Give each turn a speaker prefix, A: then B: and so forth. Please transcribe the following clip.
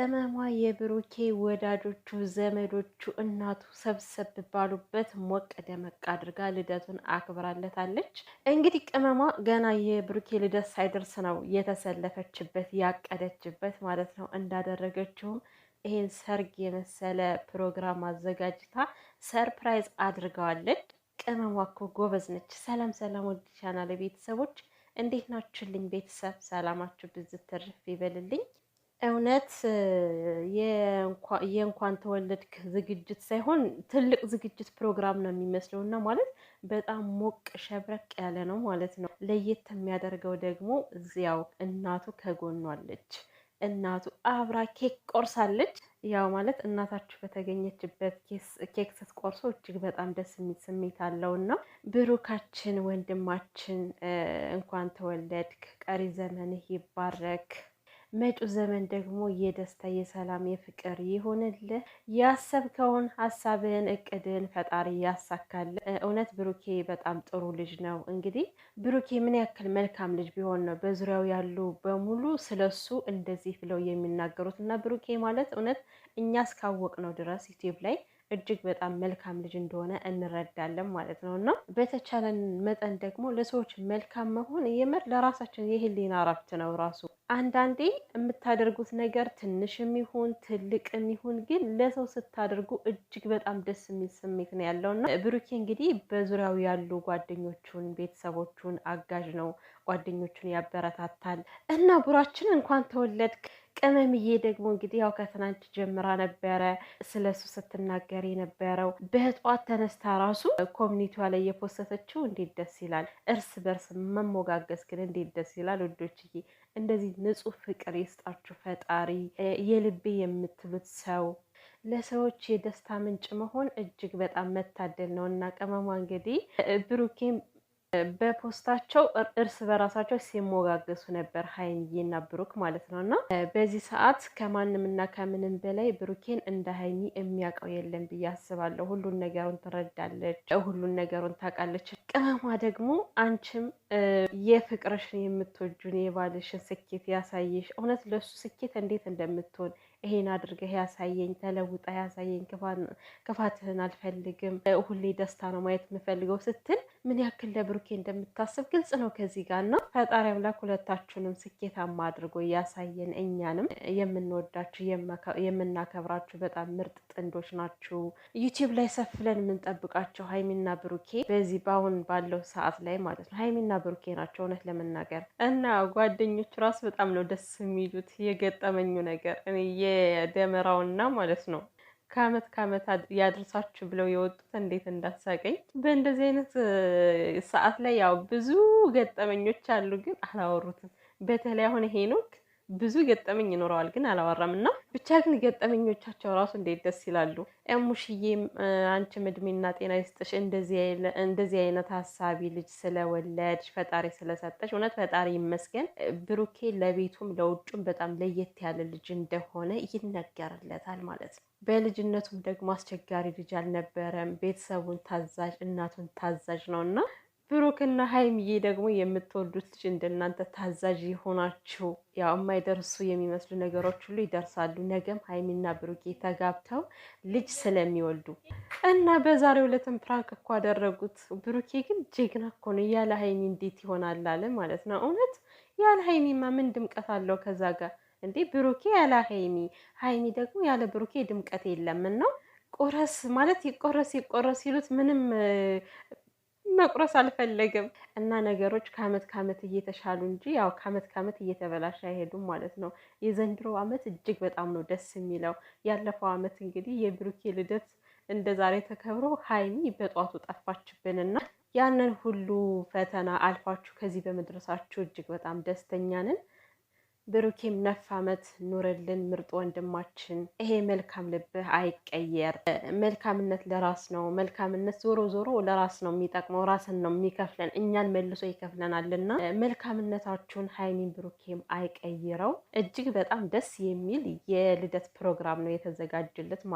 A: ቅመሟ የብሩኬ ወዳጆቹ ዘመዶቹ እናቱ ሰብሰብ ባሉበት ሞቅ ደመቅ አድርጋ ልደቱን አክብራለታለች። እንግዲህ ቅመሟ ገና የብሩኬ ልደት ሳይደርስ ነው የተሰለፈችበት ያቀደችበት ማለት ነው። እንዳደረገችውም ይሄን ሰርግ የመሰለ ፕሮግራም አዘጋጅታ ሰርፕራይዝ አድርገዋለች። ቅመሟ እኮ ጎበዝ ነች። ሰላም ሰላም፣ ወደ ቻናል ቤተሰቦች እንዴት ናችሁልኝ? ቤተሰብ ሰላማችሁ ብዝት ትርፍ ይበልልኝ። እውነት የእንኳን ተወለድክ ዝግጅት ሳይሆን ትልቅ ዝግጅት ፕሮግራም ነው የሚመስለው እና ማለት በጣም ሞቅ ሸብረቅ ያለ ነው ማለት ነው። ለየት የሚያደርገው ደግሞ እዚያው እናቱ ከጎኗለች እናቱ አብራ ኬክ ቆርሳለች። ያው ማለት እናታችሁ በተገኘችበት ኬክ ስትቆርሶ እጅግ በጣም ደስ የሚል ስሜት አለው እና ብሩካችን ወንድማችን እንኳን ተወለድክ፣ ቀሪ ዘመንህ ይባረክ። መጪው ዘመን ደግሞ የደስታ የሰላም የፍቅር ይሆንልህ። ያሰብከውን ሀሳብን እቅድን ፈጣሪ ያሳካል። እውነት ብሩኬ በጣም ጥሩ ልጅ ነው። እንግዲህ ብሩኬ ምን ያክል መልካም ልጅ ቢሆን ነው በዙሪያው ያሉ በሙሉ ስለሱ እንደዚህ ብለው የሚናገሩት እና ብሩኬ ማለት እውነት እኛ እስካወቅ ነው ድረስ ዩቲዩብ ላይ እጅግ በጣም መልካም ልጅ እንደሆነ እንረዳለን ማለት ነው። እና በተቻለን መጠን ደግሞ ለሰዎች መልካም መሆን የምር ለራሳችን የህሊና እረፍት ነው ራሱ። አንዳንዴ የምታደርጉት ነገር ትንሽም ይሁን ትልቅም ይሁን ግን ለሰው ስታደርጉ እጅግ በጣም ደስ የሚል ስሜት ነው ያለው እና ብሩኬ እንግዲህ በዙሪያው ያሉ ጓደኞቹን፣ ቤተሰቦቹን አጋዥ ነው። ጓደኞቹን ያበረታታል እና ቡራችን እንኳን ተወለድክ ቅመምዬ ደግሞ እንግዲህ ያው ከትናንት ጀምራ ነበረ ስለ እሱ ስትናገር የነበረው። በጠዋት ተነስታ ራሱ ኮሚኒቲዋ ላይ የፖሰተችው እንዴት ደስ ይላል! እርስ በርስ መሞጋገዝ ግን እንዴት ደስ ይላል ወዶችዬ። እንደዚህ ንጹህ ፍቅር የስጣችሁ ፈጣሪ። የልቤ የምትሉት ሰው ለሰዎች የደስታ ምንጭ መሆን እጅግ በጣም መታደል ነው እና ቅመሟ እንግዲህ ብሩኬም በፖስታቸው እርስ በራሳቸው ሲሞጋገሱ ነበር ሀይሚዬና ብሩክ ማለት ነው። እና በዚህ ሰዓት ከማንም ከምንም በላይ ብሩኬን እንደ ሀይሚ የሚያውቀው የለም ብዬ አስባለሁ። ሁሉን ነገሩን ትረዳለች፣ ሁሉን ነገሩን ታውቃለች። ቅመማ ደግሞ አንቺም የፍቅርሽን የምትወጁን የባልሽን ስኬት ያሳየሽ እውነት ለሱ ስኬት እንዴት እንደምትሆን ይሄን አድርገህ ያሳየኝ፣ ተለውጣ ያሳየኝ፣ ክፋትህን አልፈልግም፣ ሁሌ ደስታ ነው ማየት የምፈልገው ስትል ምን ያክል ለብሩኬ እንደምታስብ ግልጽ ነው ከዚህ ጋር ነው ፈጣሪ አምላክ ሁለታችሁንም ስኬታማ አድርጎ እያሳየን እኛንም የምንወዳችሁ የምናከብራችሁ በጣም ምርጥ ጥንዶች ናችሁ። ዩቲዩብ ላይ ሰፍለን ብለን የምንጠብቃቸው ሀይሚና ብሩኬ በዚህ በአሁን ባለው ሰዓት ላይ ማለት ነው ሀይሚና ብሩኬ ናቸው እውነት ለመናገር እና ጓደኞቹ ራሱ በጣም ነው ደስ የሚሉት። የገጠመኙ ነገር እኔ የደመራውና ማለት ነው ከአመት ከአመት ያድርሳችሁ ብለው የወጡት እንዴት እንዳሳቀኝ። በእንደዚህ አይነት ሰዓት ላይ ያው ብዙ ገጠመኞች አሉ፣ ግን አላወሩትም። በተለይ አሁን ሄኖክ ብዙ ገጠመኝ ይኖረዋል ግን አላወራም እና ብቻ ግን ገጠመኞቻቸው ራሱ እንዴት ደስ ይላሉ። ሙሽዬም አንቺም እድሜና ጤና ይስጥሽ፣ እንደዚህ አይነት ሀሳቢ ልጅ ስለወለድሽ ፈጣሪ ስለሰጠሽ እውነት ፈጣሪ ይመስገን። ብሩኬ ለቤቱም ለውጩም በጣም ለየት ያለ ልጅ እንደሆነ ይነገርለታል ማለት ነው። በልጅነቱም ደግሞ አስቸጋሪ ልጅ አልነበረም። ቤተሰቡን ታዛዥ፣ እናቱን ታዛዥ ነው እና ብሩክና ሀይምዬ ደግሞ የምትወዱት ልጅ እንደናንተ ታዛዥ የሆናችሁ ያው የማይደርሱ የሚመስሉ ነገሮች ሁሉ ይደርሳሉ። ነገም ሀይሚና ብሩኬ ተጋብተው ልጅ ስለሚወልዱ እና በዛሬው ዕለትም ፕራንክ እኮ አደረጉት። ብሩኬ ግን ጀግና እኮ ነው። ያለ ሀይሚ እንዴት ይሆናል አለ ማለት ነው። እውነት ያለ ሀይሚማ ምን ድምቀት አለው? ከዛ ጋር እንዴ ብሩኬ ያለ ሀይሚ፣ ሀይሚ ደግሞ ያለ ብሩኬ ድምቀት የለምን ነው። ቆረስ ማለት ይቆረስ ይቆረስ ይሉት ምንም መቁረስ አልፈለግም እና ነገሮች ከአመት ከአመት እየተሻሉ እንጂ ያው ከአመት ከአመት እየተበላሸ አይሄዱም ማለት ነው። የዘንድሮ አመት እጅግ በጣም ነው ደስ የሚለው። ያለፈው አመት እንግዲህ የብሩኬ ልደት እንደ ዛሬ ተከብሮ ሀይሚ በጧቱ ጠፋችብንና ያንን ሁሉ ፈተና አልፋችሁ ከዚህ በመድረሳችሁ እጅግ በጣም ደስተኛ ነን። ብሩኬም ነፍ ዓመት ኑርልን ምርጥ ወንድማችን። ይሄ መልካም ልብህ አይቀየር። መልካምነት ለራስ ነው። መልካምነት ዞሮ ዞሮ ለራስ ነው የሚጠቅመው፣ ራስን ነው የሚከፍለን፣ እኛን መልሶ ይከፍለናልና መልካምነታችሁን ሀይሚን ብሩኬም አይቀይረው። እጅግ በጣም ደስ የሚል የልደት ፕሮግራም ነው የተዘጋጀለት።